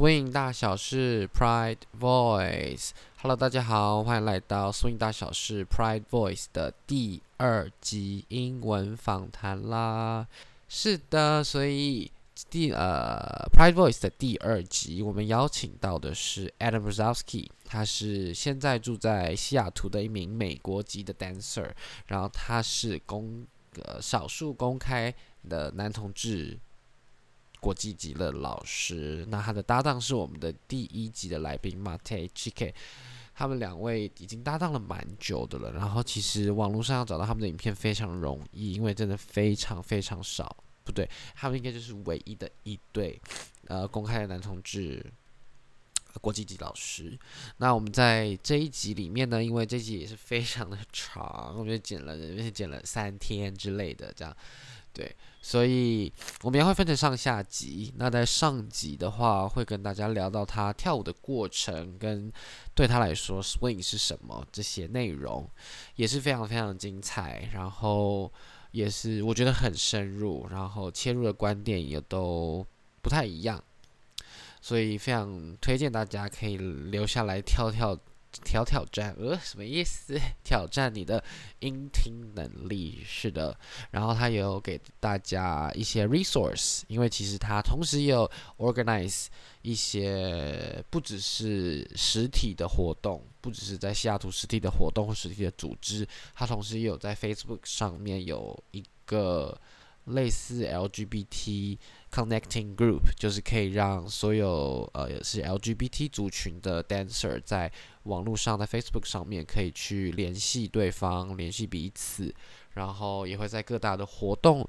Swing 大小事 Pride Voice。Hello，大家好，歡迎來到 Swing 大小事 Pride Voice 的第二集英文訪談啦。是的，所以第呃 Pride Voice 的第二集，我們邀請到的是 Adam Brzezowski，他是現在住在西雅圖的一名美國籍的 dancer，然後他是公呃少數公開的男同志。國際級的老師，那他的搭檔是我們的第一集的來賓 Matej Chik，他們兩位已經搭檔了蠻久的了。然後其實網絡上要找到他們的影片非常容易，因為真的非常非常少，不對，他們應該就是唯一的一對呃公開的男同志國際級老師。那我們在這一集裡面呢，因為這一集也是非常的長，我們就剪了，而且剪了三天之類的這樣。對，所以我們也會分成上下集。那在上集的話，會跟大家聊到他跳舞的過程，跟對他來說 swing 是什麼，這些內容，也是非常非常精彩。然後也是我覺得很深入，然後切入的觀點也都不太一樣，所以非常推薦大家可以留下來跳跳。挑挑戰，呃，什麼意思？挑戰你的英聽能力，是的。然後他有給大家一些 resource，因為其實他同時也有 organize 一些不只是實體的活動，不只是在西雅圖實體的活動或實體的組織，他同時也有在 Facebook 上面有一個。類似 LGBT connecting group，就是可以讓所有呃也是 LGBT 族群的 dancer 在網絡上，在 Facebook 上面可以去聯繫對方，聯繫彼此，然後也會在各大的活動。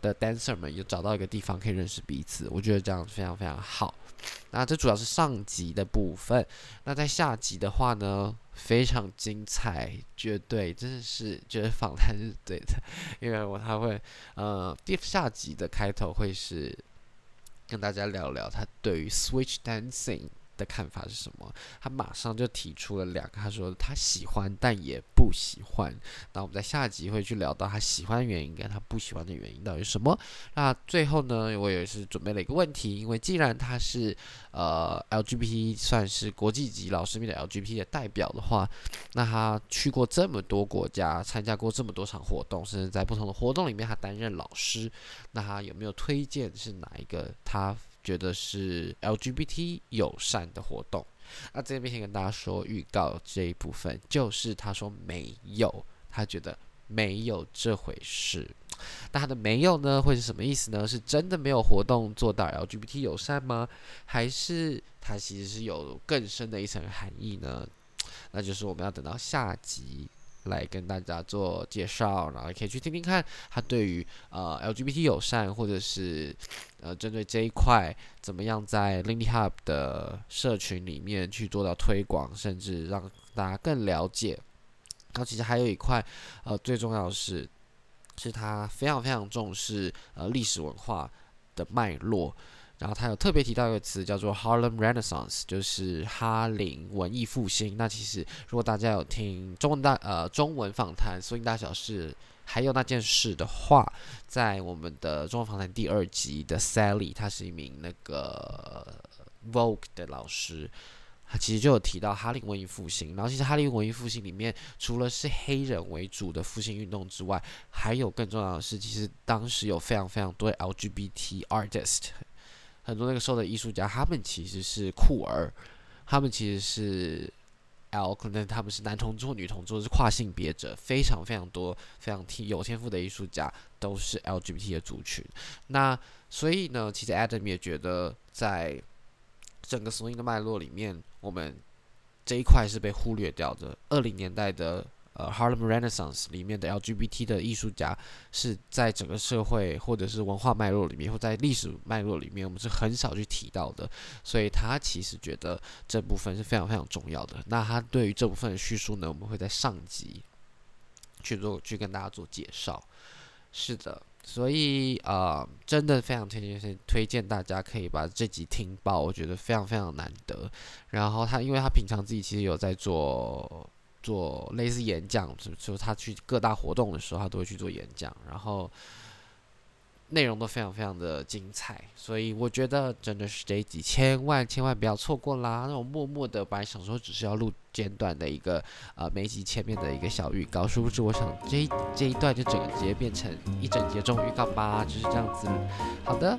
的 dancer 們有找到一個地方可以認識彼此，我覺得這樣非常非常好。那這主要是上集的部分。那在下集的話呢，非常精彩，絕對真的是覺得訪談是對的，因為我還會呃，第下集的開頭會是跟大家聊聊他對於 Switch Dancing。的看法是什麼？他馬上就提出了兩個，他說他喜歡，但也不喜歡。那我們在下集會去聊到他喜歡的原因跟他不喜歡的原因到底是什麼。那最後呢，我也是準備了一個問題，因為既然他是呃 LGBT 算是國際級老師們的 LGBT 的代表的話，那他去過這麼多國家，參加過這麼多場活動，甚至在不同的活動裡面他擔任老師，那他有沒有推薦是哪一個他？覺得是 LGBT 友善的活動，那這邊先跟大家說預告這一部分，就是他說沒有，他覺得沒有這回事。那他的沒有呢，會是什麼意思呢？是真的沒有活動做到 LGBT 友善嗎？還是他其實是有更深的一層含義呢？那就是我們要等到下集。來跟大家做介紹，然後也可以去聽聽看他對於呃 LGBT 友善，或者是呃針對這一塊怎麼樣在 Lindy Hop 的社群裡面去做到推廣，甚至讓大家更了解。然後其實還有一塊呃最重要的是，是他非常非常重視呃歷史文化的脈絡。然後他有特別提到一個詞叫做 Harlem Renaissance，就是哈林文藝復興。那其實如果大家有聽中文大呃中文訪談《Swing 大小事》，還有那件事的話，在我們的中文訪談第二集的 Sally，他是一名那個 Vogue 的老師，她其實就有提到哈林文藝復興。然後其實哈林文藝復興裡面，除了是黑人為主的復興運動之外，還有更重要的是，其實當時有非常非常多的 LGBT artist。很多那個時候的藝術家，他們其實是酷兒，他們其實是 L，可能他們是男同志、女同志，是跨性別者，非常非常多、非常天有天賦的藝術家都是 LGBT 的族群。那所以呢，其實 Adam 也覺得，在整個 Swing 的脈絡裡面，我們這一塊是被忽略掉的。二零年代的。呃、uh，Harlem Renaissance 裡面的 L G B T 的藝術家是在整個社會或者是文化脈絡裡面，或在歷史脈絡裡面，我們是很少去提到的。所以他其實覺得這部分是非常非常重要的。那他對於這部分的敘述呢，我們會在上集去做去跟大家做介紹。是的，所以啊、呃，真的非常推薦，推薦大家可以把這集聽爆，我覺得非常非常難得。然後他，因為他平常自己其實有在做，做類似演講，就就是、他去各大活動的時候，他都會去做演講，然後內容都非常非常的精彩，所以我覺得真的是這一集千萬千萬不要錯過啦！那我默默的本來想說只是要錄簡短的一個，呃，每集前面的一個小預告，殊不知我想這一這一段就整個直接變成一整節中預告吧，就是這樣子。好的。